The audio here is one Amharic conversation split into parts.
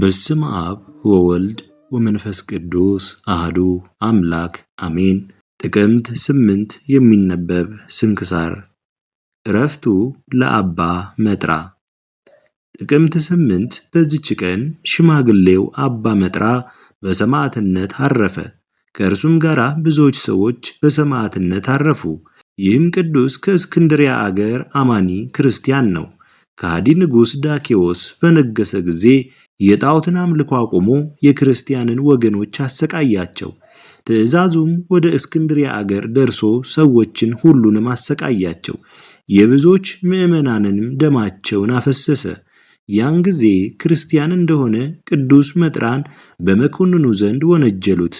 በስም አብ ወወልድ ወመንፈስ ቅዱስ አህዱ አምላክ አሜን። ጥቅምት ስምንት የሚነበብ ስንክሳር። እረፍቱ ለአባ መጥራ። ጥቅምት ስምንት በዚች ቀን ሽማግሌው አባ መጥራ በሰማዕትነት አረፈ። ከእርሱም ጋር ብዙዎች ሰዎች በሰማዕትነት አረፉ። ይህም ቅዱስ ከእስክንድሪያ አገር አማኒ ክርስቲያን ነው። ከሃዲ ንጉሥ ዳኬዎስ በነገሰ ጊዜ የጣዖትን አምልኮ አቁሞ የክርስቲያንን ወገኖች አሰቃያቸው። ትእዛዙም ወደ እስክንድሪያ አገር ደርሶ ሰዎችን ሁሉንም አሰቃያቸው። የብዙዎች ምዕመናንንም ደማቸውን አፈሰሰ። ያን ጊዜ ክርስቲያን እንደሆነ ቅዱስ መጥራን በመኮንኑ ዘንድ ወነጀሉት።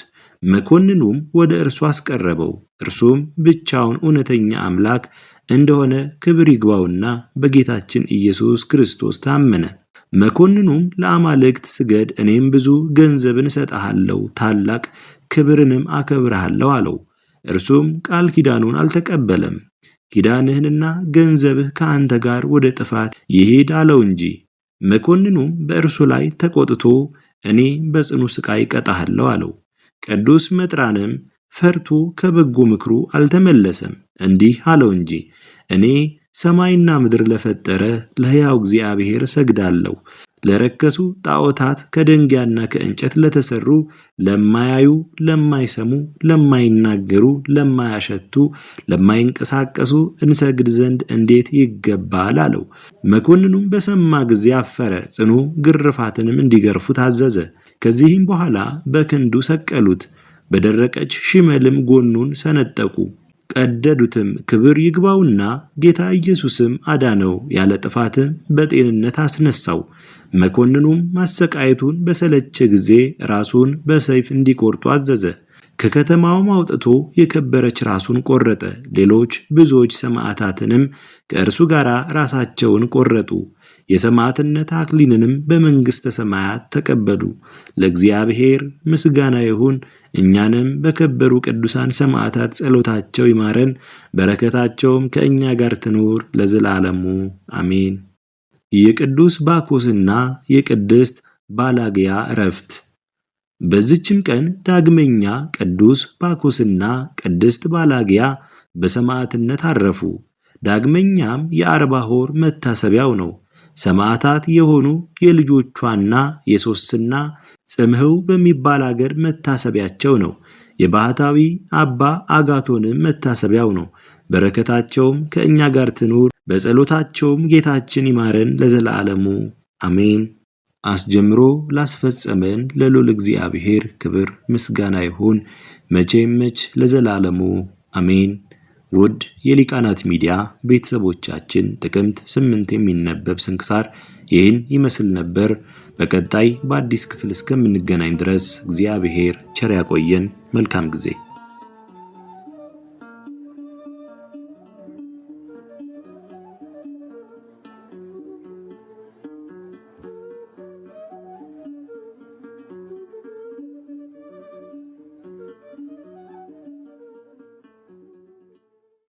መኮንኑም ወደ እርሱ አስቀረበው። እርሱም ብቻውን እውነተኛ አምላክ እንደሆነ ክብር ይግባውና በጌታችን ኢየሱስ ክርስቶስ ታመነ። መኮንኑም ለአማልክት ስገድ፣ እኔም ብዙ ገንዘብን እሰጥሃለሁ፣ ታላቅ ክብርንም አከብርሃለሁ አለው። እርሱም ቃል ኪዳኑን አልተቀበለም። ኪዳንህንና ገንዘብህ ከአንተ ጋር ወደ ጥፋት ይሄድ አለው እንጂ። መኮንኑም በእርሱ ላይ ተቆጥቶ እኔ በጽኑ ስቃይ ቀጣሃለሁ አለው። ቅዱስ መጥራንም ፈርቶ ከበጎ ምክሩ አልተመለሰም። እንዲህ አለው እንጂ እኔ ሰማይና ምድር ለፈጠረ ለሕያው እግዚአብሔር እሰግዳለሁ። ለረከሱ ጣዖታት ከድንጋይና ከእንጨት ለተሰሩ ለማያዩ፣ ለማይሰሙ፣ ለማይናገሩ፣ ለማያሸቱ፣ ለማይንቀሳቀሱ እንሰግድ ዘንድ እንዴት ይገባል አለው። መኮንኑም በሰማ ጊዜ አፈረ፣ ጽኑ ግርፋትንም እንዲገርፉ ታዘዘ። ከዚህም በኋላ በክንዱ ሰቀሉት። በደረቀች ሽመልም ጎኑን ሰነጠቁ፣ ቀደዱትም። ክብር ይግባውና ጌታ ኢየሱስም አዳነው፣ ያለ ጥፋትም በጤንነት አስነሳው። መኮንኑም ማሰቃየቱን በሰለቸ ጊዜ ራሱን በሰይፍ እንዲቆርጡ አዘዘ። ከከተማውም አውጥቶ የከበረች ራሱን ቆረጠ። ሌሎች ብዙዎች ሰማዕታትንም ከእርሱ ጋር ራሳቸውን ቆረጡ። የሰማዕትነት አክሊንንም በመንግሥተ ሰማያት ተቀበሉ። ለእግዚአብሔር ምስጋና ይሁን። እኛንም በከበሩ ቅዱሳን ሰማዕታት ጸሎታቸው ይማረን፣ በረከታቸውም ከእኛ ጋር ትኖር ለዘላለሙ አሜን። የቅዱስ ባኮስና የቅድስት ባላግያ እረፍት። በዚችም ቀን ዳግመኛ ቅዱስ ባኮስና ቅድስት ባላጊያ በሰማዕትነት አረፉ። ዳግመኛም የአርባ ሆር መታሰቢያው ነው። ሰማዕታት የሆኑ የልጆቿና የሶስና ጽምህው በሚባል አገር መታሰቢያቸው ነው። የባህታዊ አባ አጋቶንም መታሰቢያው ነው። በረከታቸውም ከእኛ ጋር ትኑር፣ በጸሎታቸውም ጌታችን ይማረን ለዘላለሙ አሜን። አስጀምሮ ላስፈጸመን ለልዑል እግዚአብሔር ክብር ምስጋና ይሁን መቼም መች ለዘላለሙ አሜን። ውድ የሊቃናት ሚዲያ ቤተሰቦቻችን ጥቅምት ስምንት የሚነበብ ስንክሳር ይህን ይመስል ነበር። በቀጣይ በአዲስ ክፍል እስከምንገናኝ ድረስ እግዚአብሔር ቸር ያቆየን። መልካም ጊዜ